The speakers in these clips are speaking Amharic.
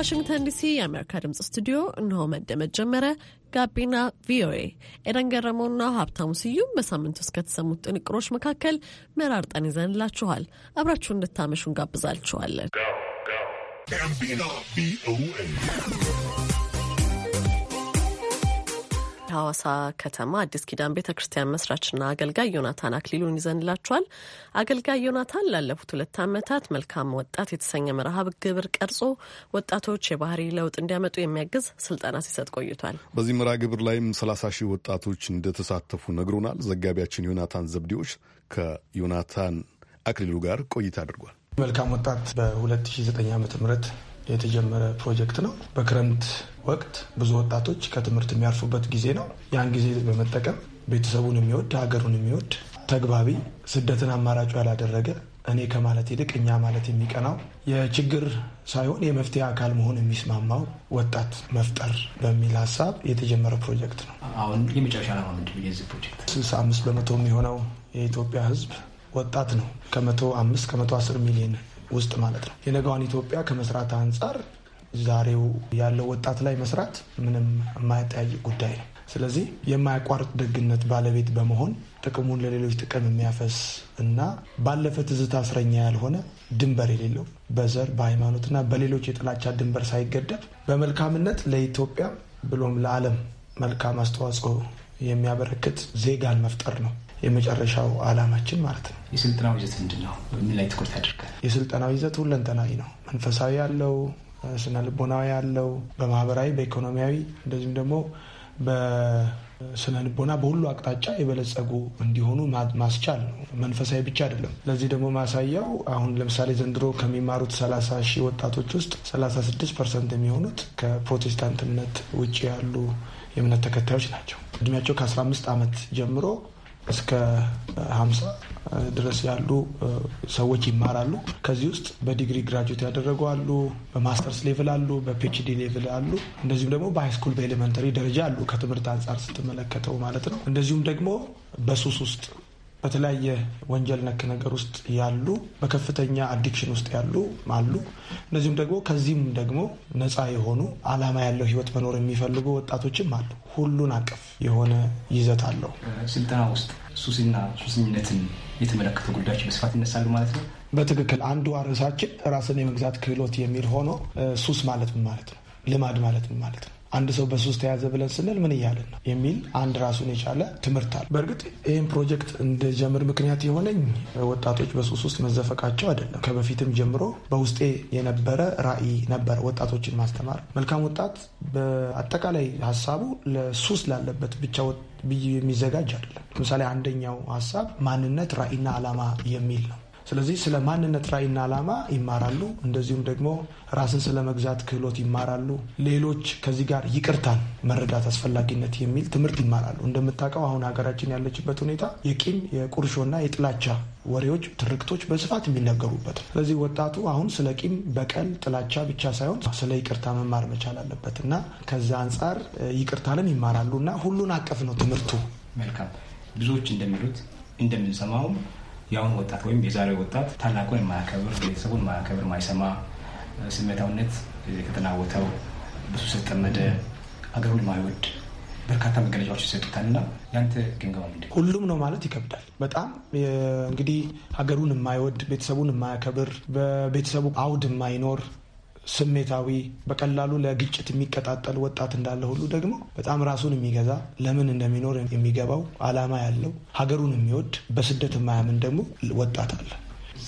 ከዋሽንግተን ዲሲ የአሜሪካ ድምጽ ስቱዲዮ እነሆ መደመጥ ጀመረ። ጋቢና ቪኦኤ ኤደን ገረመውና ሀብታሙ ስዩም በሳምንት ውስጥ ከተሰሙት ጥንቅሮች መካከል መራርጠን ይዘንላችኋል። አብራችሁን እንድታመሹ እንጋብዛችኋለን። የሐዋሳ ከተማ አዲስ ኪዳን ቤተ ክርስቲያን መስራችና አገልጋይ ዮናታን አክሊሉን ይዘንላችኋል። አገልጋይ ዮናታን ላለፉት ሁለት ዓመታት መልካም ወጣት የተሰኘ መርሃ ግብር ቀርጾ ወጣቶች የባህሪ ለውጥ እንዲያመጡ የሚያግዝ ስልጠና ሲሰጥ ቆይቷል። በዚህ መርሃ ግብር ላይም ሰላሳ ሺህ ወጣቶች እንደተሳተፉ ነግሮናል። ዘጋቢያችን ዮናታን ዘብዴዎች ከዮናታን አክሊሉ ጋር ቆይታ አድርጓል። መልካም ወጣት በ2009 ዓ.ም የተጀመረ ፕሮጀክት ነው። በክረምት ወቅት ብዙ ወጣቶች ከትምህርት የሚያርፉበት ጊዜ ነው። ያን ጊዜ በመጠቀም ቤተሰቡን የሚወድ ሀገሩን የሚወድ ተግባቢ፣ ስደትን አማራጩ ያላደረገ እኔ ከማለት ይልቅ እኛ ማለት የሚቀናው የችግር ሳይሆን የመፍትሄ አካል መሆን የሚስማማው ወጣት መፍጠር በሚል ሀሳብ የተጀመረ ፕሮጀክት ነው። አሁን የመጨረሻ ዓላማ ምንድን ነው የዚህ ፕሮጀክት? ስልሳ አምስት በመቶ የሚሆነው የኢትዮጵያ ሕዝብ ወጣት ነው። ከመቶ አምስት ከመቶ አስር ሚሊዮን ውስጥ ማለት ነው። የነገዋን ኢትዮጵያ ከመስራት አንጻር ዛሬው ያለው ወጣት ላይ መስራት ምንም የማያጠያይቅ ጉዳይ ነው። ስለዚህ የማያቋርጥ ደግነት ባለቤት በመሆን ጥቅሙን ለሌሎች ጥቅም የሚያፈስ እና ባለፈ ትዝታ እስረኛ ያልሆነ ድንበር የሌለው በዘር በሃይማኖትና በሌሎች የጥላቻ ድንበር ሳይገደብ በመልካምነት ለኢትዮጵያ ብሎም ለዓለም መልካም አስተዋጽኦ የሚያበረክት ዜጋን መፍጠር ነው የመጨረሻው አላማችን ማለት ነው። የስልጠናው ይዘት ምንድን ነው? ላይ ትኩረት ያደርጋል? የስልጠናው ይዘት ሁለንተናዊ ነው። መንፈሳዊ ያለው፣ ስነ ልቦናዊ ያለው፣ በማህበራዊ በኢኮኖሚያዊ እንደዚሁም ደግሞ በስነ ልቦና በሁሉ አቅጣጫ የበለጸጉ እንዲሆኑ ማስቻል ነው። መንፈሳዊ ብቻ አይደለም። ለዚህ ደግሞ ማሳያው አሁን ለምሳሌ ዘንድሮ ከሚማሩት 30 ሺህ ወጣቶች ውስጥ 36 ፐርሰንት የሚሆኑት ከፕሮቴስታንት እምነት ውጭ ያሉ የእምነት ተከታዮች ናቸው። እድሜያቸው ከ15 ዓመት ጀምሮ እስከ ሀምሳ ድረስ ያሉ ሰዎች ይማራሉ። ከዚህ ውስጥ በዲግሪ ግራጁዌት ያደረጉ አሉ፣ በማስተርስ ሌቭል አሉ፣ በፒኤችዲ ሌቭል አሉ፣ እንደዚሁም ደግሞ በሃይስኩል በኤሌመንተሪ ደረጃ አሉ። ከትምህርት አንጻር ስትመለከተው ማለት ነው። እንደዚሁም ደግሞ በሱስ ውስጥ በተለያየ ወንጀል ነክ ነገር ውስጥ ያሉ በከፍተኛ አዲክሽን ውስጥ ያሉ አሉ። እነዚሁም ደግሞ ከዚህም ደግሞ ነፃ የሆኑ አላማ ያለው ህይወት መኖር የሚፈልጉ ወጣቶችም አሉ። ሁሉን አቀፍ የሆነ ይዘት አለው። ስልጠና ውስጥ ሱስና ሱስኝነትን የተመለከቱ ጉዳዮች በስፋት ይነሳሉ ማለት ነው። በትክክል አንዱ ርዕሳችን ራስን የመግዛት ክህሎት የሚል ሆኖ ሱስ ማለት ምን ማለት ነው? ልማድ ማለት ምን ማለት ነው? አንድ ሰው በሶስት ተያዘ ብለን ስንል ምን እያለን ነው የሚል አንድ ራሱን የቻለ ትምህርት አለ። በእርግጥ ይህን ፕሮጀክት እንደጀምር ምክንያት የሆነኝ ወጣቶች በሱስ ውስጥ መዘፈቃቸው አይደለም። ከበፊትም ጀምሮ በውስጤ የነበረ ራዕይ ነበረ፣ ወጣቶችን ማስተማር። መልካም ወጣት በአጠቃላይ ሀሳቡ ለሱስ ላለበት ብቻ ብዬ የሚዘጋጅ አይደለም። ለምሳሌ አንደኛው ሀሳብ ማንነት ራዕይና ዓላማ የሚል ነው። ስለዚህ ስለ ማንነት ራዕይና ዓላማ ይማራሉ። እንደዚሁም ደግሞ ራስን ስለ መግዛት ክህሎት ይማራሉ። ሌሎች ከዚህ ጋር ይቅርታን መረዳት አስፈላጊነት የሚል ትምህርት ይማራሉ። እንደምታውቀው አሁን ሀገራችን ያለችበት ሁኔታ የቂም የቁርሾና የጥላቻ ወሬዎች፣ ትርክቶች በስፋት የሚነገሩበት ስለዚህ ወጣቱ አሁን ስለ ቂም፣ በቀል፣ ጥላቻ ብቻ ሳይሆን ስለ ይቅርታ መማር መቻል አለበት እና ከዛ አንጻር ይቅርታንን ይማራሉ እና ሁሉን አቀፍ ነው ትምህርቱ። መልካም ብዙዎች እንደሚሉት እንደምንሰማውም የአሁን ወጣት ወይም የዛሬ ወጣት ታላቁን የማያከብር ቤተሰቡን የማያከብር ማይሰማ፣ ስሜታውነት ከተናወተው ብዙ ስለተጠመደ አገሩን የማይወድ በርካታ መገለጫዎች ይሰጡታልና ያንተ ግምገማ ምንድን? ሁሉም ነው ማለት ይከብዳል። በጣም እንግዲህ ሀገሩን የማይወድ ቤተሰቡን የማያከብር በቤተሰቡ አውድ የማይኖር ስሜታዊ በቀላሉ ለግጭት የሚቀጣጠል ወጣት እንዳለ ሁሉ ደግሞ በጣም ራሱን የሚገዛ ለምን እንደሚኖር የሚገባው አላማ ያለው ሀገሩን የሚወድ በስደት የማያምን ደግሞ ወጣት አለ።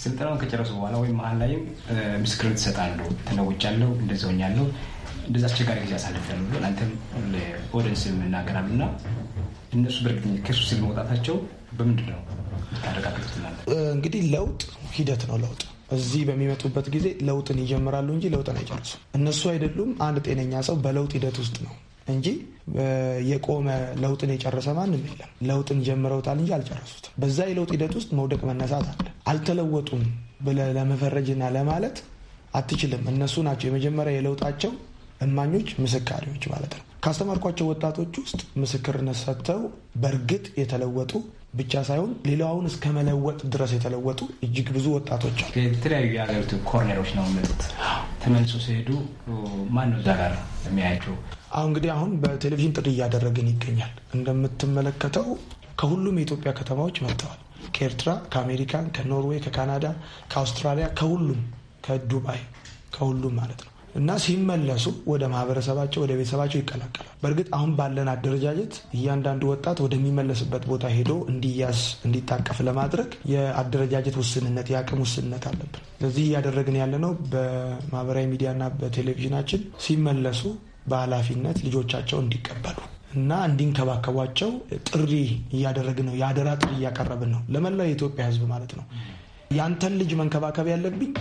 ስልጠናውን ከጨረሱ በኋላ ወይም መሀል ላይም ምስክርን ትሰጣለህ። ተለውጫለሁ፣ እንደዚያ ሆኛለሁ፣ እንደዚያ አስቸጋሪ ጊዜ አሳልፌያለሁ ብሎ አንተም ኦደንስ የምናገራል እና እነሱ በእርግጥ ከሱ ስል መውጣታቸው በምንድን ነው ታረጋግጡት? እንግዲህ ለውጥ ሂደት ነው ለውጥ እዚህ በሚመጡበት ጊዜ ለውጥን ይጀምራሉ እንጂ ለውጥን አይጨርሱም። እነሱ አይደሉም። አንድ ጤነኛ ሰው በለውጥ ሂደት ውስጥ ነው እንጂ የቆመ ለውጥን የጨረሰ ማንም የለም። ለውጥን ጀምረውታል እንጂ አልጨረሱትም። በዛ የለውጥ ሂደት ውስጥ መውደቅ መነሳት አለ። አልተለወጡም ብለህ ለመፈረጅና ለማለት አትችልም። እነሱ ናቸው የመጀመሪያ የለውጣቸው እማኞች፣ ምስካሪዎች ማለት ነው። ካስተማርኳቸው ወጣቶች ውስጥ ምስክርነት ሰጥተው በእርግጥ የተለወጡ ብቻ ሳይሆን ሌላውን እስከ መለወጥ ድረስ የተለወጡ እጅግ ብዙ ወጣቶች አሉ። የተለያዩ የሀገሪቱ ኮርኔሮች ነው የሚመጡት። ተመልሶ ሲሄዱ ማን ነው እዛ ጋር የሚያያቸው? አሁ እንግዲህ አሁን በቴሌቪዥን ጥሪ እያደረግን ይገኛል። እንደምትመለከተው ከሁሉም የኢትዮጵያ ከተማዎች መጥተዋል። ከኤርትራ፣ ከአሜሪካን፣ ከኖርዌይ፣ ከካናዳ፣ ከአውስትራሊያ፣ ከሁሉም ከዱባይ፣ ከሁሉም ማለት ነው እና ሲመለሱ ወደ ማህበረሰባቸው ወደ ቤተሰባቸው ይቀላቀላል። በእርግጥ አሁን ባለን አደረጃጀት እያንዳንዱ ወጣት ወደሚመለስበት ቦታ ሄዶ እንዲያዝ እንዲታቀፍ ለማድረግ የአደረጃጀት ውስንነት፣ የአቅም ውስንነት አለብን። ስለዚህ እያደረግን ነው በማህበራዊ ሚዲያና በቴሌቪዥናችን ሲመለሱ በኃላፊነት ልጆቻቸው እንዲቀበሉ እና እንዲንከባከቧቸው ጥሪ እያደረግን ነው። የአደራ ጥሪ እያቀረብን ነው ለመላው የኢትዮጵያ ሕዝብ ማለት ነው። ያንተን ልጅ መንከባከብ ያለብኝ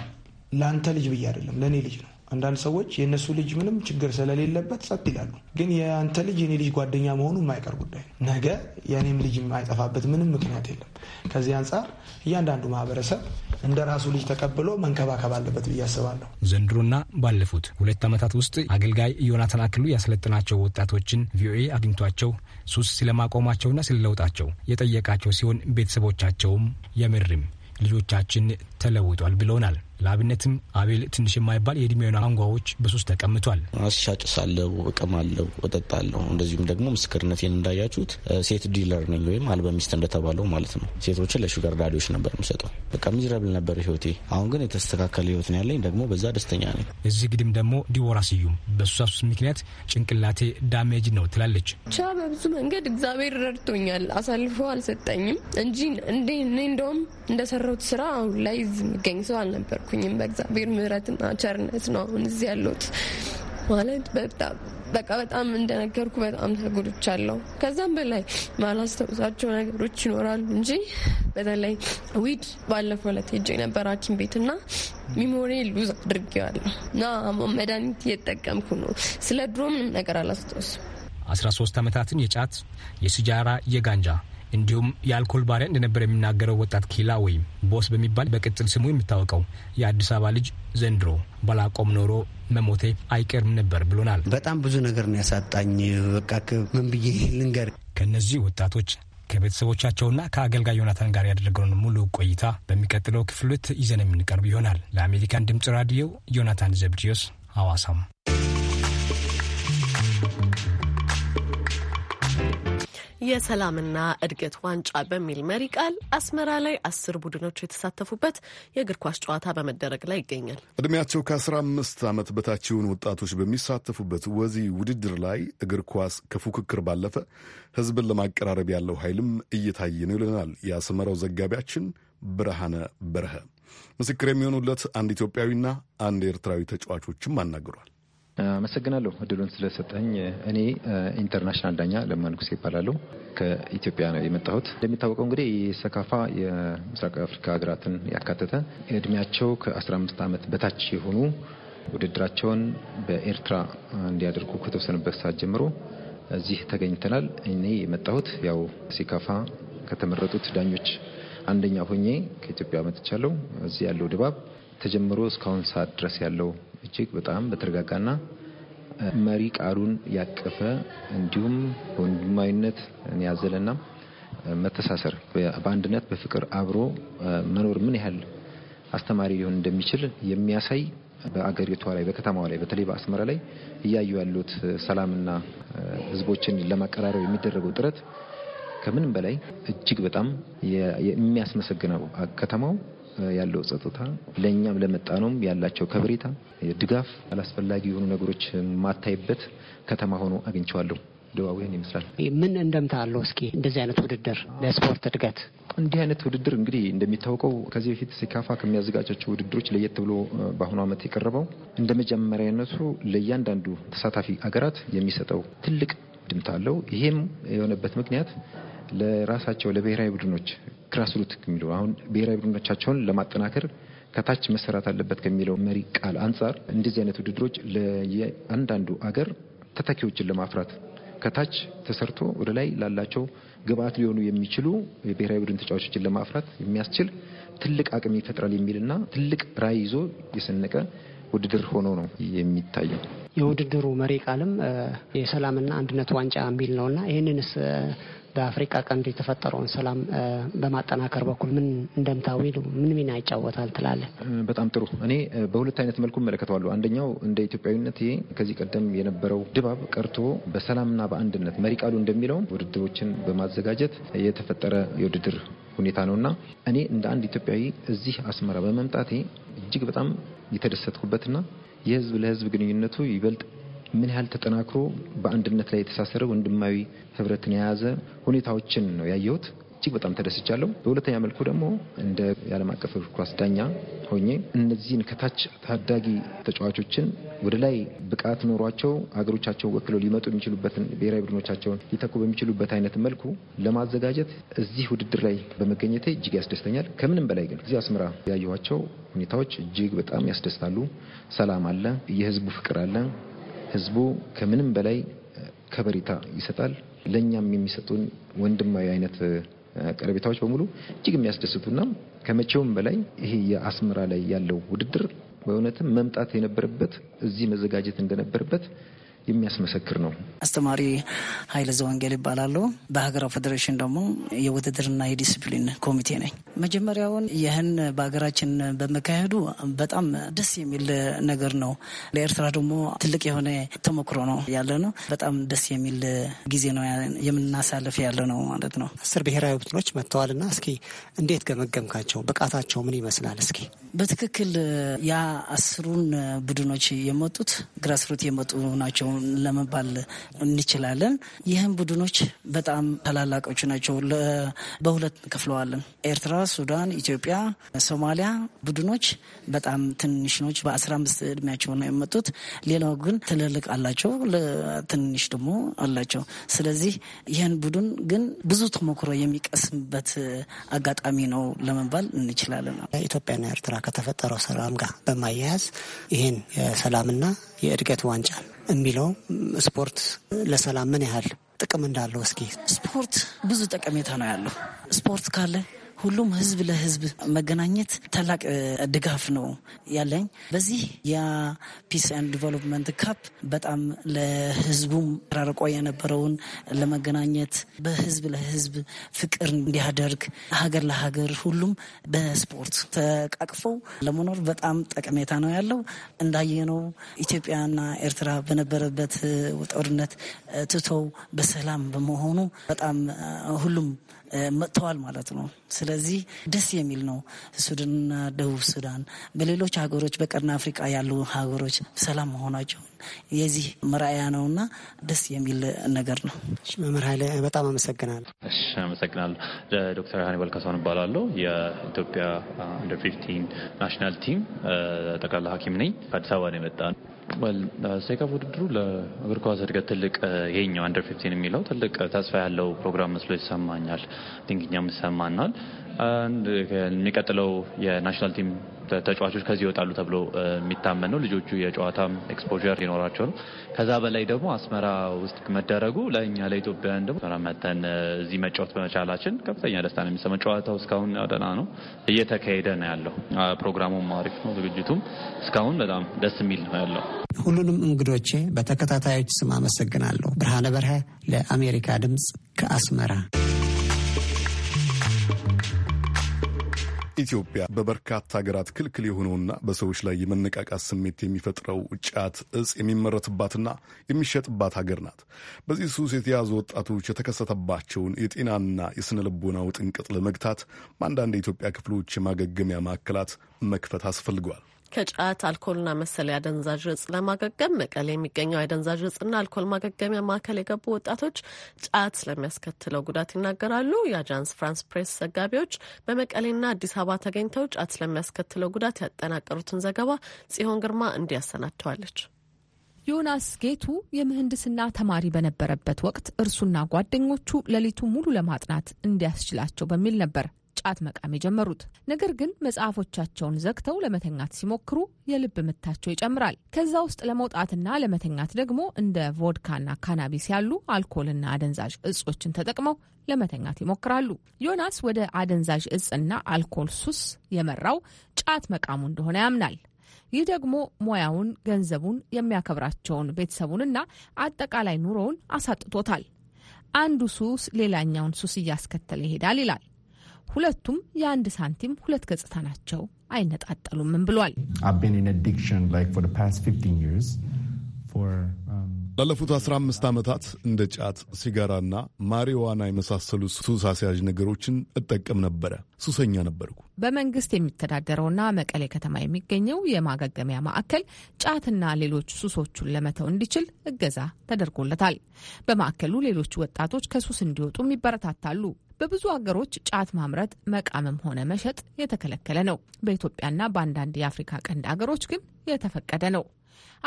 ለአንተ ልጅ ብዬ አይደለም ለእኔ ልጅ ነው አንዳንድ ሰዎች የእነሱ ልጅ ምንም ችግር ስለሌለበት ጸጥ ይላሉ። ግን የአንተ ልጅ የኔ ልጅ ጓደኛ መሆኑ የማይቀር ጉዳይ ነው። ነገ የእኔም ልጅ የማይጠፋበት ምንም ምክንያት የለም። ከዚህ አንጻር እያንዳንዱ ማህበረሰብ እንደ ራሱ ልጅ ተቀብሎ መንከባከብ አለበት ብዬ አስባለሁ። ዘንድሮና ባለፉት ሁለት ዓመታት ውስጥ አገልጋይ ዮናታን አክሉ ያሰለጥናቸው ወጣቶችን ቪኦኤ አግኝቷቸው ሱስ ስለማቆማቸውና ስለለውጣቸው የጠየቃቸው ሲሆን ቤተሰቦቻቸውም የምርም ልጆቻችን ተለውጧል ብለውናል። ለአብነትም አቤል ትንሽ የማይባል የእድሜውን አንጓዎች በሶስት ተቀምቷል። አሻጭሳለሁ፣ እቅማለሁ፣ እጠጣለሁ። እንደዚሁም ደግሞ ምስክርነቴን እንዳያችሁት ሴት ዲለር ነኝ ወይም አልበሚስት እንደተባለው ማለት ነው። ሴቶችን ለሹጋር ዳዲዎች ነበር የምሰጠው። በቃ ሚዝረብል ነበር ህይወቴ። አሁን ግን የተስተካከለ ህይወት ነው ያለኝ፣ ደግሞ በዛ ደስተኛ ነኝ። እዚህ ግድም ደግሞ ዲቦራ ስዩም በሱሳሱስ ምክንያት ጭንቅላቴ ዳሜጅ ነው ትላለች። ብቻ በብዙ መንገድ እግዚአብሔር ረድቶኛል። አሳልፎ አልሰጠኝም እንጂ እኔ እንደውም እንደሰራሁት ስራ አሁን ላይ የሚገኝ ሰው አልነበርኩ አልቻልኩኝም። በእግዚአብሔር ምሕረትና ቸርነት ነው አሁን እዚህ ያለሁት። ማለት በጣም በቃ በጣም እንደነገርኩ በጣም ተጎድቻለሁ። ከዛም በላይ ማላስታውሳቸው ነገሮች ይኖራሉ እንጂ በተለይ ዊድ ባለፈው ዕለት ሄጄ ነበር ሐኪም ቤት እና ሚሞሪ ሉዝ አድርጌዋለሁ እና መድኃኒት እየጠቀምኩ ነው። ስለ ድሮ ምንም ነገር አላስታውስም። አስራ ሶስት ዓመታትን የጫት የስጃራ የጋንጃ እንዲሁም የአልኮል ባሪያ እንደነበር የሚናገረው ወጣት ኪላ ወይም ቦስ በሚባል በቅጥል ስሙ የሚታወቀው የአዲስ አበባ ልጅ ዘንድሮ ባላቆም ኖሮ መሞቴ አይቀርም ነበር ብሎናል። በጣም ብዙ ነገር ነው ያሳጣኝ። በቃ ምን ብዬ ልንገር። ከእነዚህ ወጣቶች ከቤተሰቦቻቸውና ከአገልጋይ ዮናታን ጋር ያደረገውን ሙሉ ቆይታ በሚቀጥለው ክፍሎት ይዘን የምንቀርብ ይሆናል። ለአሜሪካን ድምጽ ራዲዮ ዮናታን ዘብድዮስ አዋሳም። የሰላምና እድገት ዋንጫ በሚል መሪ ቃል አስመራ ላይ አስር ቡድኖች የተሳተፉበት የእግር ኳስ ጨዋታ በመደረግ ላይ ይገኛል። እድሜያቸው 1 አምስት ዓመት የሆኑ ወጣቶች በሚሳተፉበት ወዚህ ውድድር ላይ እግር ኳስ ከፉክክር ባለፈ ሕዝብን ለማቀራረብ ያለው ኃይልም እየታየ ነው ይለናል የአስመራው ዘጋቢያችን ብርሃነ በረኸ። ምስክር የሚሆኑለት አንድ ኢትዮጵያዊና አንድ ኤርትራዊ ተጫዋቾችም አናግሯል። አመሰግናለሁ እድሉን ስለሰጠኝ። እኔ ኢንተርናሽናል ዳኛ ለማንጉስ ይባላለሁ። ከኢትዮጵያ ነው የመጣሁት። እንደሚታወቀው እንግዲህ የሰካፋ የምስራቅ አፍሪካ ሀገራትን ያካተተ እድሜያቸው ከ15 ዓመት በታች የሆኑ ውድድራቸውን በኤርትራ እንዲያደርጉ ከተወሰነበት ሰዓት ጀምሮ እዚህ ተገኝተናል። እኔ የመጣሁት ያው ሴካፋ ከተመረጡት ዳኞች አንደኛ ሆኜ ከኢትዮጵያ መጥቻለሁ። እዚህ ያለው ድባብ ተጀምሮ እስካሁን ሰዓት ድረስ ያለው እጅግ በጣም በተረጋጋና መሪ ቃሉን ያቀፈ እንዲሁም በወንድማዊነት ያዘለና መተሳሰር በአንድነት በፍቅር አብሮ መኖር ምን ያህል አስተማሪ ሊሆን እንደሚችል የሚያሳይ በአገሪቷ ላይ በከተማዋ ላይ በተለይ በአስመራ ላይ እያዩ ያሉት ሰላምና ህዝቦችን ለማቀራረብ የሚደረገው ጥረት ከምንም በላይ እጅግ በጣም የሚያስመሰግነው ከተማው ያለው ጸጥታ ለእኛም ለመጣ ያላቸው ከብሬታ፣ ድጋፍ አላስፈላጊ የሆኑ ነገሮች ማታይበት ከተማ ሆኖ አግኝቸዋለሁ። ደዋዊን ይመስላል። ምን እንደምታ አለው? እስኪ እንደዚህ አይነት ውድድር ለስፖርት እድገት እንዲህ አይነት ውድድር እንግዲህ እንደሚታወቀው ከዚህ በፊት ሴካፋ ከሚያዘጋጃቸው ውድድሮች ለየት ብሎ በአሁኑ ዓመት የቀረበው እንደ መጀመሪያነቱ ለእያንዳንዱ ተሳታፊ አገራት የሚሰጠው ትልቅ ድምታ አለው። ይሄም የሆነበት ምክንያት ለራሳቸው ለብሔራዊ ቡድኖች ክራስሩት የሚለው አሁን ብሔራዊ ቡድኖቻቸውን ለማጠናከር ከታች መሰራት አለበት ከሚለው መሪ ቃል አንጻር እንደዚህ አይነት ውድድሮች ለየአንዳንዱ አገር ተተኪዎችን ለማፍራት ከታች ተሰርቶ ወደ ላይ ላላቸው ግብአት ሊሆኑ የሚችሉ የብሔራዊ ቡድን ተጫዋቾችን ለማፍራት የሚያስችል ትልቅ አቅም ይፈጥራል የሚልና ትልቅ ራዕይ ይዞ የሰነቀ ውድድር ሆኖ ነው የሚታየው። የውድድሩ መሪ ቃልም የሰላምና አንድነት ዋንጫ የሚል ነውና ይህንንስ በአፍሪካ ቀንድ የተፈጠረውን ሰላም በማጠናከር በኩል ምን እንደምታዊ ምን ሚና ይጫወታል ትላለ። በጣም ጥሩ። እኔ በሁለት አይነት መልኩ እመለከተዋለሁ። አንደኛው እንደ ኢትዮጵያዊነት ይሄ ከዚህ ቀደም የነበረው ድባብ ቀርቶ በሰላምና በአንድነት መሪ ቃሉ እንደሚለው ውድድሮችን በማዘጋጀት የተፈጠረ የውድድር ሁኔታ እና እኔ እንደ አንድ ኢትዮጵያዊ እዚህ አስመራ በመምጣቴ እጅግ በጣም የተደሰትኩበትና የህዝብ ለህዝብ ግንኙነቱ ይበልጥ ምን ያህል ተጠናክሮ በአንድነት ላይ የተሳሰረ ወንድማዊ ህብረትን የያዘ ሁኔታዎችን ነው ያየሁት። እጅግ በጣም ተደስቻለሁ። በሁለተኛ መልኩ ደግሞ እንደ የዓለም አቀፍ እግር ኳስ ዳኛ ሆኜ እነዚህን ከታች ታዳጊ ተጫዋቾችን ወደ ላይ ብቃት ኖሯቸው አገሮቻቸው ወክለው ሊመጡ የሚችሉበትን ብሔራዊ ቡድኖቻቸውን ሊተኩ በሚችሉበት አይነት መልኩ ለማዘጋጀት እዚህ ውድድር ላይ በመገኘቴ እጅግ ያስደስተኛል። ከምንም በላይ ግን እዚህ አስመራ ያየኋቸው ሁኔታዎች እጅግ በጣም ያስደስታሉ። ሰላም አለ፣ የህዝቡ ፍቅር አለ፣ ህዝቡ ከምንም በላይ ከበሬታ ይሰጣል። ለእኛም የሚሰጡን ወንድማዊ አይነት ቀረቤታዎች በሙሉ እጅግ የሚያስደስቱና ከመቼውም በላይ ይሄ የአስመራ ላይ ያለው ውድድር በእውነትም መምጣት የነበረበት እዚህ መዘጋጀት እንደነበረበት የሚያስመሰክር ነው። አስተማሪ ኃይለ ዘወንጌል ይባላሉ። በሀገራው ፌዴሬሽን ደግሞ የውድድርና የዲስፕሊን ኮሚቴ ነኝ። መጀመሪያውን ይህን በሀገራችን በመካሄዱ በጣም ደስ የሚል ነገር ነው። ለኤርትራ ደግሞ ትልቅ የሆነ ተሞክሮ ነው ያለ ነው። በጣም ደስ የሚል ጊዜ ነው የምናሳልፍ ያለ ነው ማለት ነው። አስር ብሔራዊ ቡድኖች መጥተዋልና እስኪ እንዴት ገመገምካቸው? ብቃታቸው ምን ይመስላል? እስኪ በትክክል ያ አስሩን ቡድኖች የመጡት ግራስሩት የመጡ ናቸው ለመባል እንችላለን። ይህም ቡድኖች በጣም ታላላቆች ናቸው። በሁለት ከፍለዋለን። ኤርትራ፣ ሱዳን፣ ኢትዮጵያ፣ ሶማሊያ ቡድኖች በጣም ትንሽኖች በ15 እድሜያቸው ነው የመጡት። ሌላው ግን ትልልቅ አላቸው፣ ትንሽ ደግሞ አላቸው። ስለዚህ ይህን ቡድን ግን ብዙ ተሞክሮ የሚቀስምበት አጋጣሚ ነው ለመባል እንችላለን። ኢትዮጵያና ኤርትራ ከተፈጠረው ሰላም ጋር በማያያዝ ይህን የሰላምና የእድገት ዋንጫ የሚለው ስፖርት ለሰላም ምን ያህል ጥቅም እንዳለው እስኪ። ስፖርት ብዙ ጠቀሜታ ነው ያለው። ስፖርት ካለ ሁሉም ህዝብ ለህዝብ መገናኘት ታላቅ ድጋፍ ነው ያለኝ። በዚህ የፒስ ኤንድ ዲቨሎፕመንት ካፕ በጣም ለህዝቡም ተራርቆ የነበረውን ለመገናኘት በህዝብ ለህዝብ ፍቅር እንዲያደርግ ሀገር ለሀገር ሁሉም በስፖርት ተቃቅፈው ለመኖር በጣም ጠቀሜታ ነው ያለው። እንዳየነው ኢትዮጵያና ኤርትራ በነበረበት ጦርነት ትተው በሰላም በመሆኑ በጣም ሁሉም መጥተዋል ማለት ነው። ስለዚህ ደስ የሚል ነው። ሱዳንና ደቡብ ሱዳን በሌሎች ሀገሮች በቀርና አፍሪቃ ያሉ ሀገሮች ሰላም መሆናቸው የዚህ መርአያ ነውና ደስ የሚል ነገር ነው። መምህር ኃይሌ በጣም አመሰግናለሁ። አመሰግናለሁ። ዶክተር ሃኒባል ካሳሁን እባላለሁ። የኢትዮጵያ አንደር ፊፍቲን ናሽናል ቲም ጠቅላላ ሐኪም ነኝ። ከአዲስ አበባ ነው የመጣ ሴካፍ ውድድሩ ለእግር ኳስ እድገት ትልቅ uh, ይሄኛው አንደር ፊፍቲን የሚለው ትልቅ uh, ተስፋ ያለው ፕሮግራም መስሎ ይሰማኛል። ቲንክ ይሰማናል። የሚቀጥለው uh, የናሽናል ቲም ተጫዋቾች ከዚህ ይወጣሉ ተብሎ የሚታመን ነው። ልጆቹ የጨዋታም ኤክስፖዠር ሊኖራቸው ነው። ከዛ በላይ ደግሞ አስመራ ውስጥ መደረጉ ለእኛ ለኢትዮጵያውያን ደግሞ አስመራ መተን እዚህ መጫወት በመቻላችን ከፍተኛ ደስታ ነው የሚሰማ። ጨዋታው እስካሁን ደህና ነው እየተካሄደ ነው ያለው። ፕሮግራሙም አሪፍ ነው። ዝግጅቱም እስካሁን በጣም ደስ የሚል ነው ያለው። ሁሉንም እንግዶቼ በተከታታዮች ስም አመሰግናለሁ። ብርሃነ በርሀ ለአሜሪካ ድምፅ ከአስመራ ኢትዮጵያ በበርካታ ሀገራት ክልክል የሆነውና በሰዎች ላይ የመነቃቃት ስሜት የሚፈጥረው ጫት እጽ የሚመረትባትና የሚሸጥባት ሀገር ናት። በዚህ ሱስ የተያዙ ወጣቶች የተከሰተባቸውን የጤናና የሥነ ልቦናው ጥንቅጥ ለመግታት በአንዳንድ የኢትዮጵያ ክፍሎች የማገገሚያ ማዕከላት መክፈት አስፈልገዋል። ከጫት አልኮልና መሰል የአደንዛዥ እጽ ለማገገም መቀሌ የሚገኘው የአደንዛዥ እጽና አልኮል ማገገሚያ ማዕከል የገቡ ወጣቶች ጫት ስለሚያስከትለው ጉዳት ይናገራሉ። የአጃንስ ፍራንስ ፕሬስ ዘጋቢዎች በመቀሌና አዲስ አበባ ተገኝተው ጫት ስለሚያስከትለው ጉዳት ያጠናቀሩትን ዘገባ ጽዮን ግርማ እንዲያሰናቸዋለች። ዮናስ ጌቱ የምህንድስና ተማሪ በነበረበት ወቅት እርሱና ጓደኞቹ ሌሊቱ ሙሉ ለማጥናት እንዲያስችላቸው በሚል ነበር ጫት መቃም የጀመሩት። ነገር ግን መጽሐፎቻቸውን ዘግተው ለመተኛት ሲሞክሩ የልብ ምታቸው ይጨምራል። ከዛ ውስጥ ለመውጣትና ለመተኛት ደግሞ እንደ ቮድካና ካናቢስ ያሉ አልኮልና አደንዛዥ እጾችን ተጠቅመው ለመተኛት ይሞክራሉ። ዮናስ ወደ አደንዛዥ እጽና አልኮል ሱስ የመራው ጫት መቃሙ እንደሆነ ያምናል። ይህ ደግሞ ሙያውን፣ ገንዘቡን፣ የሚያከብራቸውን ቤተሰቡንና አጠቃላይ ኑሮውን አሳጥቶታል። አንዱ ሱስ ሌላኛውን ሱስ እያስከተለ ይሄዳል ይላል። ሁለቱም የአንድ ሳንቲም ሁለት ገጽታ ናቸው፣ አይነጣጠሉምም ብሏል። um, ላለፉት 15 ዓመታት እንደ ጫት፣ ሲጋራና ማሪዋና የመሳሰሉ ሱስ አስያዥ ነገሮችን እጠቀም ነበረ። ሱሰኛ ነበርኩ። በመንግስት የሚተዳደረውና መቀሌ ከተማ የሚገኘው የማገገሚያ ማዕከል ጫትና ሌሎች ሱሶቹን ለመተው እንዲችል እገዛ ተደርጎለታል። በማዕከሉ ሌሎች ወጣቶች ከሱስ እንዲወጡም ይበረታታሉ። በብዙ አገሮች ጫት ማምረት መቃመም ሆነ መሸጥ የተከለከለ ነው። በኢትዮጵያና በአንዳንድ የአፍሪካ ቀንድ አገሮች ግን የተፈቀደ ነው።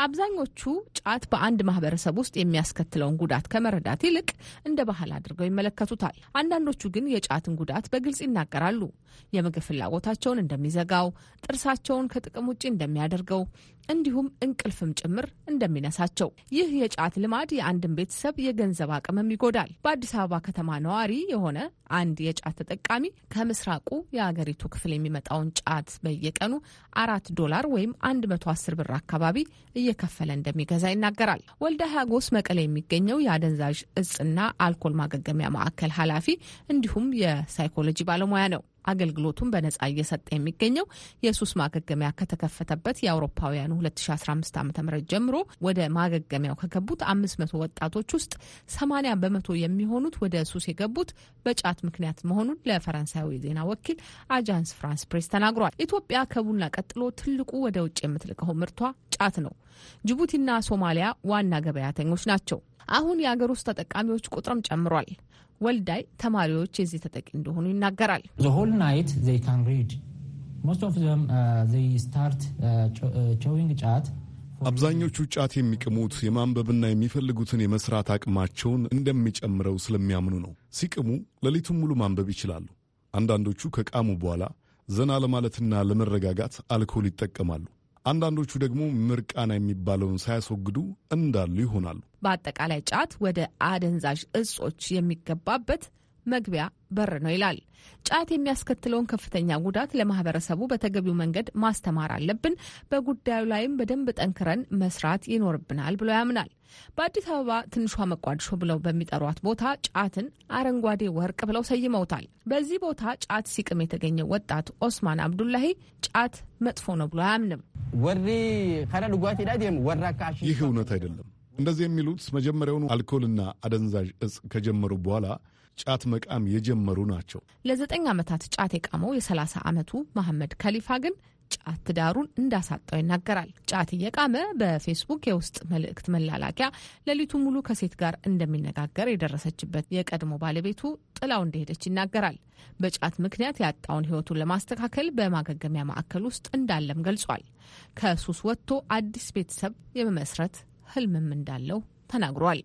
አብዛኞቹ ጫት በአንድ ማህበረሰብ ውስጥ የሚያስከትለውን ጉዳት ከመረዳት ይልቅ እንደ ባህል አድርገው ይመለከቱታል። አንዳንዶቹ ግን የጫትን ጉዳት በግልጽ ይናገራሉ። የምግብ ፍላጎታቸውን እንደሚዘጋው፣ ጥርሳቸውን ከጥቅም ውጭ እንደሚያደርገው እንዲሁም እንቅልፍም ጭምር እንደሚነሳቸው። ይህ የጫት ልማድ የአንድን ቤተሰብ የገንዘብ አቅምም ይጎዳል። በአዲስ አበባ ከተማ ነዋሪ የሆነ አንድ የጫት ተጠቃሚ ከምስራቁ የአገሪቱ ክፍል የሚመጣውን ጫት በየቀኑ አራት ዶላር ወይም 110 ብር አካባቢ እየከፈለ እንደሚገዛ ይናገራል። ወልደ ሀጎስ መቀሌ የሚገኘው የአደንዛዥ እጽና አልኮል ማገገሚያ ማዕከል ኃላፊ እንዲሁም የሳይኮሎጂ ባለሙያ ነው። አገልግሎቱን በነጻ እየሰጠ የሚገኘው የሱስ ማገገሚያ ከተከፈተበት የአውሮፓውያኑ 2015 ዓ ም ጀምሮ ወደ ማገገሚያው ከገቡት 500 ወጣቶች ውስጥ 80 በመቶ የሚሆኑት ወደ ሱስ የገቡት በጫት ምክንያት መሆኑን ለፈረንሳዊ ዜና ወኪል አጃንስ ፍራንስ ፕሬስ ተናግሯል። ኢትዮጵያ ከቡና ቀጥሎ ትልቁ ወደ ውጭ የምትልቀው ምርቷ ጫት ነው። ጅቡቲና ሶማሊያ ዋና ገበያተኞች ናቸው። አሁን የአገር ውስጥ ተጠቃሚዎች ቁጥርም ጨምሯል። ወልዳይ ተማሪዎች የዚህ ተጠቂ እንደሆኑ ይናገራል። ጫት uh, uh, uh, አብዛኞቹ ጫት የሚቅሙት የማንበብና የሚፈልጉትን የመስራት አቅማቸውን እንደሚጨምረው ስለሚያምኑ ነው። ሲቅሙ ሌሊቱን ሙሉ ማንበብ ይችላሉ። አንዳንዶቹ ከቃሙ በኋላ ዘና ለማለትና ለመረጋጋት አልኮል ይጠቀማሉ። አንዳንዶቹ ደግሞ ምርቃና የሚባለውን ሳያስወግዱ እንዳሉ ይሆናሉ። በአጠቃላይ ጫት ወደ አደንዛዥ እጾች የሚገባበት መግቢያ በር ነው ይላል። ጫት የሚያስከትለውን ከፍተኛ ጉዳት ለማህበረሰቡ በተገቢው መንገድ ማስተማር አለብን። በጉዳዩ ላይም በደንብ ጠንክረን መስራት ይኖርብናል ብሎ ያምናል። በአዲስ አበባ ትንሿ መቋድሾ ብለው በሚጠሯት ቦታ ጫትን አረንጓዴ ወርቅ ብለው ሰይመውታል። በዚህ ቦታ ጫት ሲቅም የተገኘው ወጣት ኦስማን አብዱላሂ ጫት መጥፎ ነው ብሎ አያምንም። ይህ እውነት አይደለም። እንደዚህ የሚሉት መጀመሪያውኑ አልኮልና አደንዛዥ እጽ ከጀመሩ በኋላ ጫት መቃም የጀመሩ ናቸው። ለዘጠኝ ዓመታት ጫት የቃመው የ30 ዓመቱ መሐመድ ከሊፋ ግን ጫት ትዳሩን እንዳሳጣው ይናገራል። ጫት እየቃመ በፌስቡክ የውስጥ መልእክት መላላኪያ ሌሊቱ ሙሉ ከሴት ጋር እንደሚነጋገር የደረሰችበት የቀድሞ ባለቤቱ ጥላው እንደሄደች ይናገራል። በጫት ምክንያት ያጣውን ሕይወቱን ለማስተካከል በማገገሚያ ማዕከል ውስጥ እንዳለም ገልጿል። ከሱስ ወጥቶ አዲስ ቤተሰብ የመመስረት ህልምም እንዳለው ተናግሯል።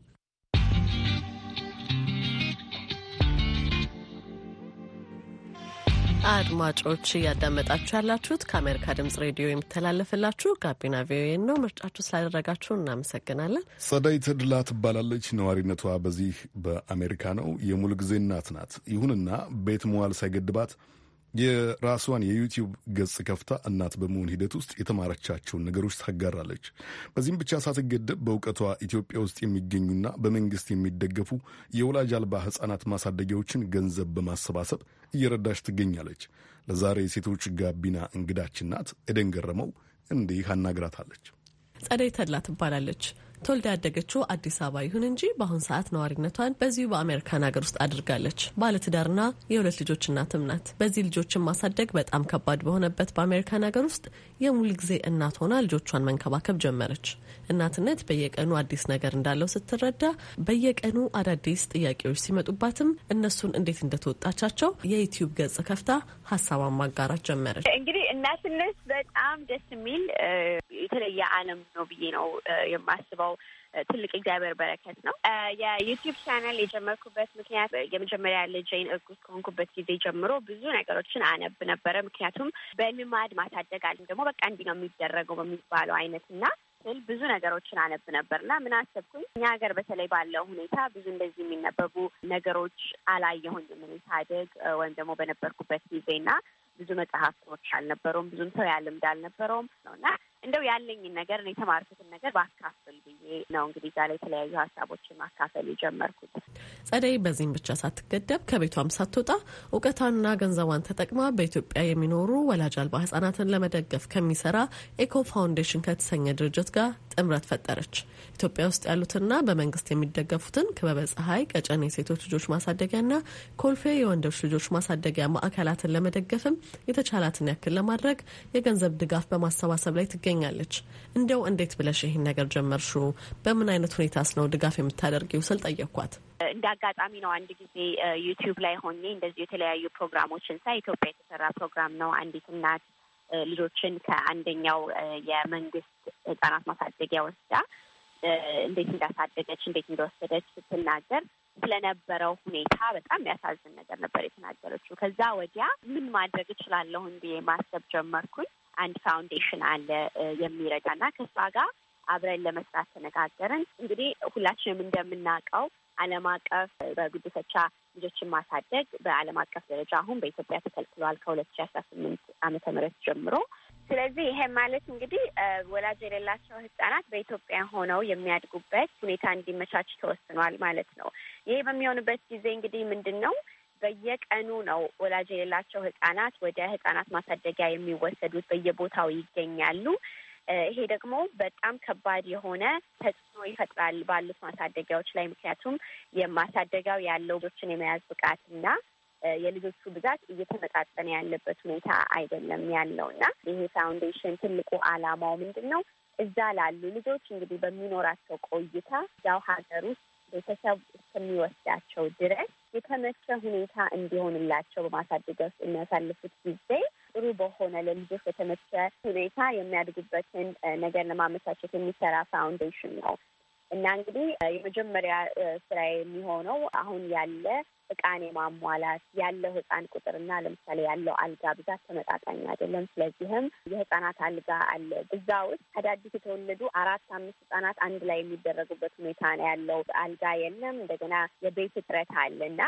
አድማጮች እያዳመጣችሁ ያላችሁት ከአሜሪካ ድምጽ ሬዲዮ የሚተላለፍላችሁ ጋቢና ቪኦኤ ነው። ምርጫችሁ ስላደረጋችሁ እናመሰግናለን። ጸዳይ ተድላ ትባላለች። ነዋሪነቷ በዚህ በአሜሪካ ነው። የሙሉ ጊዜ እናት ናት። ይሁንና ቤት መዋል ሳይገድባት የራሷን የዩቲዩብ ገጽ ከፍታ እናት በመሆን ሂደት ውስጥ የተማረቻቸውን ነገሮች ታጋራለች። በዚህም ብቻ ሳትገደብ በእውቀቷ ኢትዮጵያ ውስጥ የሚገኙና በመንግስት የሚደገፉ የወላጅ አልባ ሕጻናት ማሳደጊያዎችን ገንዘብ በማሰባሰብ እየረዳች ትገኛለች። ለዛሬ የሴቶች ጋቢና እንግዳችን ናት። ኤደን ገረመው እንዲህ አናግራታለች። ጸደይ ተድላ ትባላለች። ተወልዳ ያደገችው አዲስ አበባ ይሁን እንጂ በአሁን ሰዓት ነዋሪነቷን በዚሁ በአሜሪካን ሀገር ውስጥ አድርጋለች። ባለትዳርና የሁለት ልጆች እናትም ናት። በዚህ ልጆችን ማሳደግ በጣም ከባድ በሆነበት በአሜሪካን ሀገር ውስጥ የሙሉ ጊዜ እናት ሆና ልጆቿን መንከባከብ ጀመረች። እናትነት በየቀኑ አዲስ ነገር እንዳለው ስትረዳ በየቀኑ አዳዲስ ጥያቄዎች ሲመጡባትም እነሱን እንዴት እንደተወጣቻቸው የዩትዩብ ገጽ ከፍታ ሀሳቧን ማጋራት ጀመረች። እንግዲህ እናትነት በጣም ደስ የሚል የተለየ ዓለም ነው ብዬ ነው የማስበው የመጣው ትልቅ እግዚአብሔር በረከት ነው። የዩቲዩብ ቻናል የጀመርኩበት ምክንያት የመጀመሪያ ልጄን እርጉዝ ከሆንኩበት ጊዜ ጀምሮ ብዙ ነገሮችን አነብ ነበረ። ምክንያቱም በልማድ ማሳደግ አለም ደግሞ በቃ እንዲህ ነው የሚደረገው በሚባለው አይነት እና ስል ብዙ ነገሮችን አነብ ነበር እና ምን አሰብኩኝ፣ እኛ ሀገር በተለይ ባለው ሁኔታ ብዙ እንደዚህ የሚነበቡ ነገሮች አላየሁኝ። እኔ ሳድግ ወይም ደግሞ በነበርኩበት ጊዜ ጊዜና ብዙ መጽሐፍቶች አልነበረውም። ብዙም ሰው ያልምድ አልነበረውም ነው እና እንደው ያለኝን ነገር ነው የተማርኩትን ነገር ባካፍል ብዬ ነው እንግዲህ ላይ የተለያዩ ሀሳቦችን ማካፈል የጀመርኩት። ጸደይ በዚህም ብቻ ሳትገደብ ከቤቷም ሳትወጣ እውቀቷንና ገንዘቧን ተጠቅማ በኢትዮጵያ የሚኖሩ ወላጅ አልባ ህጻናትን ለመደገፍ ከሚሰራ ኤኮ ፋውንዴሽን ከተሰኘ ድርጅት ጋር ጥምረት ፈጠረች። ኢትዮጵያ ውስጥ ያሉትና በመንግስት የሚደገፉትን ክበበ ፀሐይ፣ ቀጨኔ የሴቶች ልጆች ማሳደጊያና ኮልፌ የወንዶች ልጆች ማሳደጊያ ማዕከላትን ለመደገፍም የተቻላትን ያክል ለማድረግ የገንዘብ ድጋፍ በማሰባሰብ ላይ ትገኛል ትገኛለች። እንዲያው እንዴት ብለሽ ይህን ነገር ጀመርሹ? በምን አይነት ሁኔታስ ነው ድጋፍ የምታደርጊው ስል ጠየኳት። እንደ አጋጣሚ ነው። አንድ ጊዜ ዩቲዩብ ላይ ሆኜ እንደዚህ የተለያዩ ፕሮግራሞችን ሳይ ኢትዮጵያ የተሰራ ፕሮግራም ነው። አንዲት እናት ልጆችን ከአንደኛው የመንግስት ህጻናት ማሳደጊያ ወስዳ እንዴት እንዳሳደገች እንዴት እንደወሰደች ስትናገር ስለነበረው ሁኔታ በጣም ያሳዝን ነገር ነበር የተናገረችው። ከዛ ወዲያ ምን ማድረግ እችላለሁ ብዬ ማሰብ ጀመርኩኝ። አንድ ፋውንዴሽን አለ የሚረዳ እና ከሷ ጋር አብረን ለመስራት ተነጋገርን። እንግዲህ ሁላችንም እንደምናውቀው ዓለም አቀፍ በጉዲፈቻ ልጆችን ማሳደግ በዓለም አቀፍ ደረጃ አሁን በኢትዮጵያ ተከልክሏል ከሁለት ሺ አስራ ስምንት ዓመተ ምህረት ጀምሮ። ስለዚህ ይሄ ማለት እንግዲህ ወላጅ የሌላቸው ህጻናት በኢትዮጵያ ሆነው የሚያድጉበት ሁኔታ እንዲመቻች ተወስኗል ማለት ነው። ይሄ በሚሆንበት ጊዜ እንግዲህ ምንድን ነው በየቀኑ ነው ወላጅ የሌላቸው ህጻናት ወደ ህጻናት ማሳደጊያ የሚወሰዱት በየቦታው ይገኛሉ። ይሄ ደግሞ በጣም ከባድ የሆነ ተጽዕኖ ይፈጥራል ባሉት ማሳደጊያዎች ላይ ምክንያቱም የማሳደጊያው ያለው ልጆችን የመያዝ ብቃት እና የልጆቹ ብዛት እየተመጣጠነ ያለበት ሁኔታ አይደለም ያለው እና ይሄ ፋውንዴሽን ትልቁ አላማው ምንድን ነው? እዛ ላሉ ልጆች እንግዲህ በሚኖራቸው ቆይታ ያው ሀገር ውስጥ ቤተሰብ እስከሚወስዳቸው ድረስ የተመቸ ሁኔታ እንዲሆንላቸው በማሳደግ ውስጥ የሚያሳልፉት ጊዜ ጥሩ በሆነ ለልጆች የተመቸ ሁኔታ የሚያድጉበትን ነገር ለማመቻቸት የሚሰራ ፋውንዴሽን ነው እና እንግዲህ የመጀመሪያ ስራ የሚሆነው አሁን ያለ እቃን የማሟላት ያለው ህፃን ቁጥርና ለምሳሌ ያለው አልጋ ብዛት ተመጣጣኝ አይደለም። ስለዚህም የህፃናት አልጋ አለ። እዛ ውስጥ አዳዲስ የተወለዱ አራት አምስት ህጻናት አንድ ላይ የሚደረጉበት ሁኔታ ነው ያለው። አልጋ የለም። እንደገና የቤት እጥረት አለ እና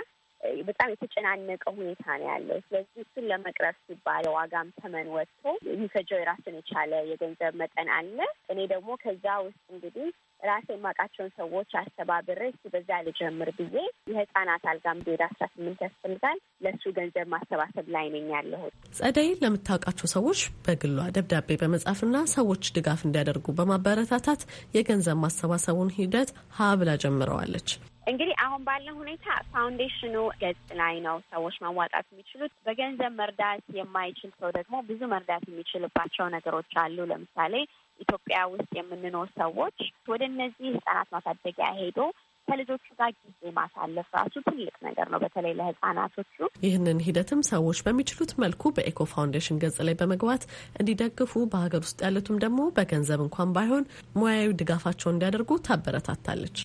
በጣም የተጨናነቀ ሁኔታ ነው ያለው። ስለዚህ እሱን ለመቅረፍ ሲባል ዋጋም ተመን ወጥቶ የሚፈጀው የራስን የቻለ የገንዘብ መጠን አለ። እኔ ደግሞ ከዛ ውስጥ እንግዲህ ራሴ የማውቃቸውን ሰዎች አስተባብሬ እስኪ በዛ ልጀምር ብዬ የህፃናት አልጋ ቤድ አስራ ስምንት ያስፈልጋል ለእሱ ገንዘብ ማሰባሰብ ላይ ነኝ ያለሁት። ጸደይ ለምታውቃቸው ሰዎች በግሏ ደብዳቤ በመጻፍና ሰዎች ድጋፍ እንዲያደርጉ በማበረታታት የገንዘብ ማሰባሰቡን ሂደት ሀ ብላ ጀምረዋለች። እንግዲህ አሁን ባለው ሁኔታ ፋውንዴሽኑ ገጽ ላይ ነው ሰዎች ማዋጣት የሚችሉት። በገንዘብ መርዳት የማይችል ሰው ደግሞ ብዙ መርዳት የሚችልባቸው ነገሮች አሉ። ለምሳሌ ኢትዮጵያ ውስጥ የምንኖር ሰዎች ወደ እነዚህ ህጻናት ማሳደጊያ ሄዶ ከልጆቹ ጋር ጊዜ ማሳለፍ ራሱ ትልቅ ነገር ነው፣ በተለይ ለህጻናቶቹ። ይህንን ሂደትም ሰዎች በሚችሉት መልኩ በኤኮ ፋውንዴሽን ገጽ ላይ በመግባት እንዲደግፉ፣ በሀገር ውስጥ ያሉትም ደግሞ በገንዘብ እንኳን ባይሆን ሙያዊ ድጋፋቸውን እንዲያደርጉ ታበረታታለች።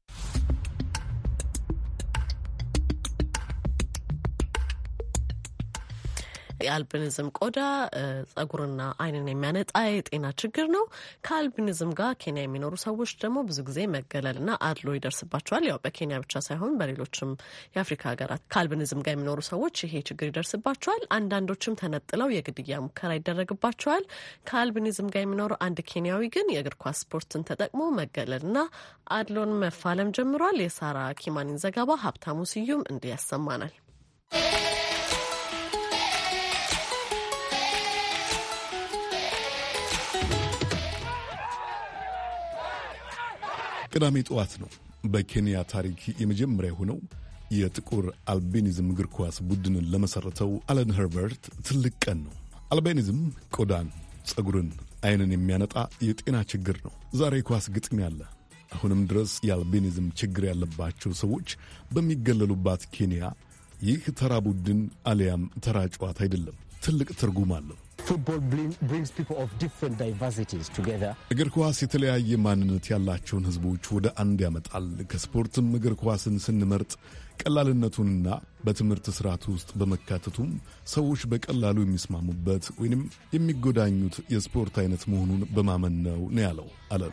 የአልቢኒዝም ቆዳ፣ ጸጉርና አይንን የሚያነጣ የጤና ችግር ነው። ከአልቢኒዝም ጋር ኬንያ የሚኖሩ ሰዎች ደግሞ ብዙ ጊዜ መገለልና አድሎ ይደርስባቸዋል። ያው በኬንያ ብቻ ሳይሆን በሌሎችም የአፍሪካ ሀገራት ከአልቢኒዝም ጋር የሚኖሩ ሰዎች ይሄ ችግር ይደርስባቸዋል። አንዳንዶችም ተነጥለው የግድያ ሙከራ ይደረግባቸዋል። ከአልቢኒዝም ጋር የሚኖሩ አንድ ኬንያዊ ግን የእግር ኳስ ስፖርትን ተጠቅሞ መገለልና አድሎን መፋለም ጀምሯል። የሳራ ኪማኒን ዘገባ ሀብታሙ ስዩም እንዲህ ያሰማናል። ቅዳሜ ጠዋት ነው በኬንያ ታሪክ የመጀመሪያ የሆነው የጥቁር አልቤኒዝም እግር ኳስ ቡድንን ለመሠረተው አለን ሄርበርት ትልቅ ቀን ነው። አልቤኒዝም ቆዳን፣ ጸጉርን፣ አይንን የሚያነጣ የጤና ችግር ነው። ዛሬ ኳስ ግጥም አለ። አሁንም ድረስ የአልቤኒዝም ችግር ያለባቸው ሰዎች በሚገለሉባት ኬንያ ይህ ተራ ቡድን አሊያም ተራ ጨዋታ አይደለም፣ ትልቅ ትርጉም አለው። እግር ኳስ የተለያየ ማንነት ያላቸውን ህዝቦች ወደ አንድ ያመጣል። ከስፖርትም እግር ኳስን ስንመርጥ ቀላልነቱንና በትምህርት ስርዓት ውስጥ በመካተቱም ሰዎች በቀላሉ የሚስማሙበት ወይም የሚጎዳኙት የስፖርት አይነት መሆኑን በማመን ነው ነው ያለው አለ።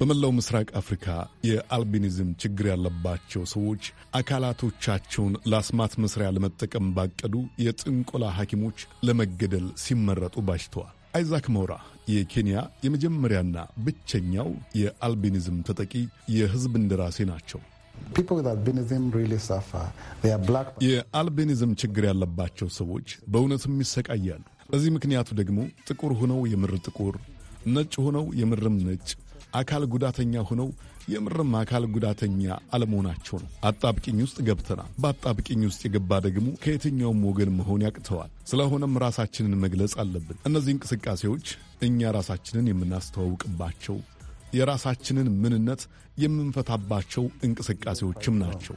በመላው ምስራቅ አፍሪካ የአልቢኒዝም ችግር ያለባቸው ሰዎች አካላቶቻቸውን ለአስማት መስሪያ ለመጠቀም ባቀዱ የጥንቆላ ሐኪሞች ለመገደል ሲመረጡ ባሽተዋል። አይዛክ መውራ የኬንያ የመጀመሪያና ብቸኛው የአልቢኒዝም ተጠቂ የህዝብ እንደራሴ ናቸው። የአልቢኒዝም ችግር ያለባቸው ሰዎች በእውነትም ይሰቃያሉ። በዚህ ምክንያቱ ደግሞ ጥቁር ሆነው የምር ጥቁር፣ ነጭ ሆነው የምርም ነጭ አካል ጉዳተኛ ሆነው የምርም አካል ጉዳተኛ አለመሆናቸው ነው። አጣብቂኝ ውስጥ ገብተናል። በአጣብቂኝ ውስጥ የገባ ደግሞ ከየትኛውም ወገን መሆን ያቅተዋል። ስለሆነም ራሳችንን መግለጽ አለብን። እነዚህ እንቅስቃሴዎች እኛ ራሳችንን የምናስተዋውቅባቸው የራሳችንን ምንነት የምንፈታባቸው እንቅስቃሴዎችም ናቸው።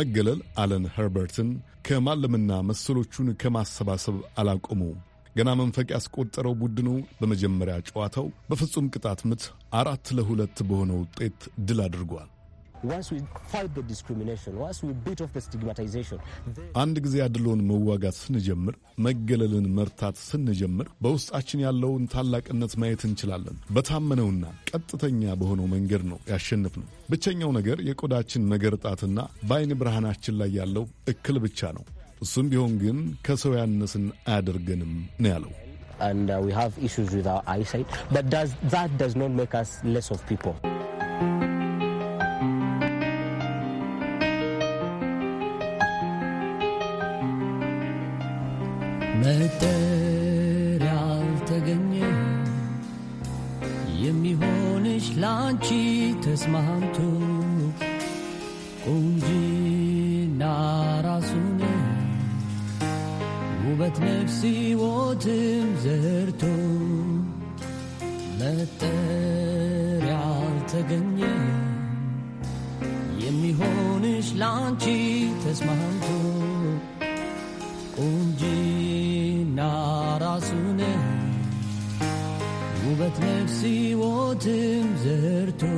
መገለል አለን ኸርበርትን ከማለምና መሰሎቹን ከማሰባሰብ አላቆመውም። ገና መንፈቅ ያስቆጠረው ቡድኑ በመጀመሪያ ጨዋታው በፍጹም ቅጣት ምት አራት ለሁለት በሆነ ውጤት ድል አድርጓል። አንድ ጊዜ አድሎን መዋጋት ስንጀምር፣ መገለልን መርታት ስንጀምር በውስጣችን ያለውን ታላቅነት ማየት እንችላለን። በታመነውና ቀጥተኛ በሆነው መንገድ ነው ያሸንፍነው። ብቸኛው ነገር የቆዳችን መገርጣትና በአይን ብርሃናችን ላይ ያለው እክል ብቻ ነው። እሱም ቢሆን ግን ከሰው ያነስን አያደርገንም ነው ያለው። and uh, we have issues with our eyesight but does, that does not make us less of people وبتنافسي وقتم زهرته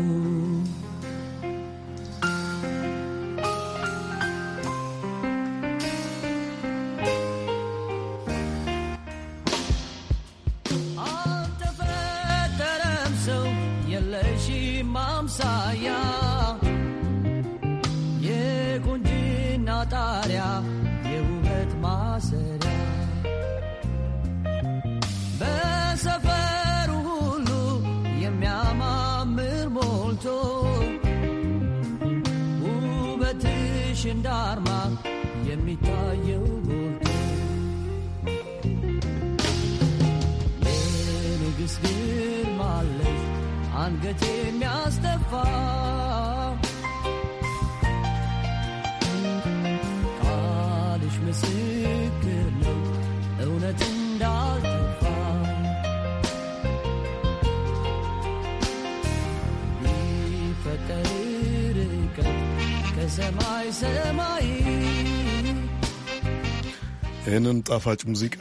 ይህንን ጣፋጭ ሙዚቃ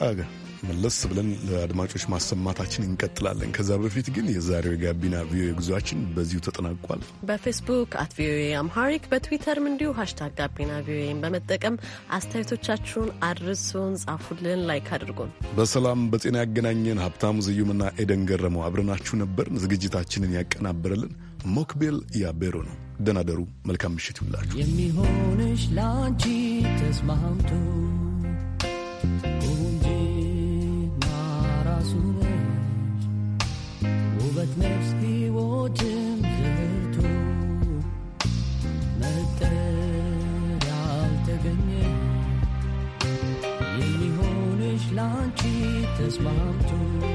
መለስ ብለን ለአድማጮች ማሰማታችን እንቀጥላለን። ከዛ በፊት ግን የዛሬው የጋቢና ቪኦኤ ጉዞችን በዚሁ ተጠናቋል። በፌስቡክ አት ቪኦኤ አምሃሪክ በትዊተርም እንዲሁ ሀሽታግ ጋቢና ቪኦኤን በመጠቀም አስተያየቶቻችሁን አድርሱን፣ ጻፉልን፣ ላይክ አድርጉን። በሰላም በጤና ያገናኘን። ሀብታሙ ዝዩምና ኤደን ገረመው አብረናችሁ ነበርን። ዝግጅታችንን ያቀናበረልን ሞክቤል ያቤሮ ነው። ደናደሩ መልካም ምሽት ይውላችሁ የሚሆንሽ ላንቺ ተስማምቶ አዙረሽ ውበት ነፍስ ቢወድም ዘርቶ መጠር አልተገኘ የሚሆንሽ ላንቺ ተስማምቶ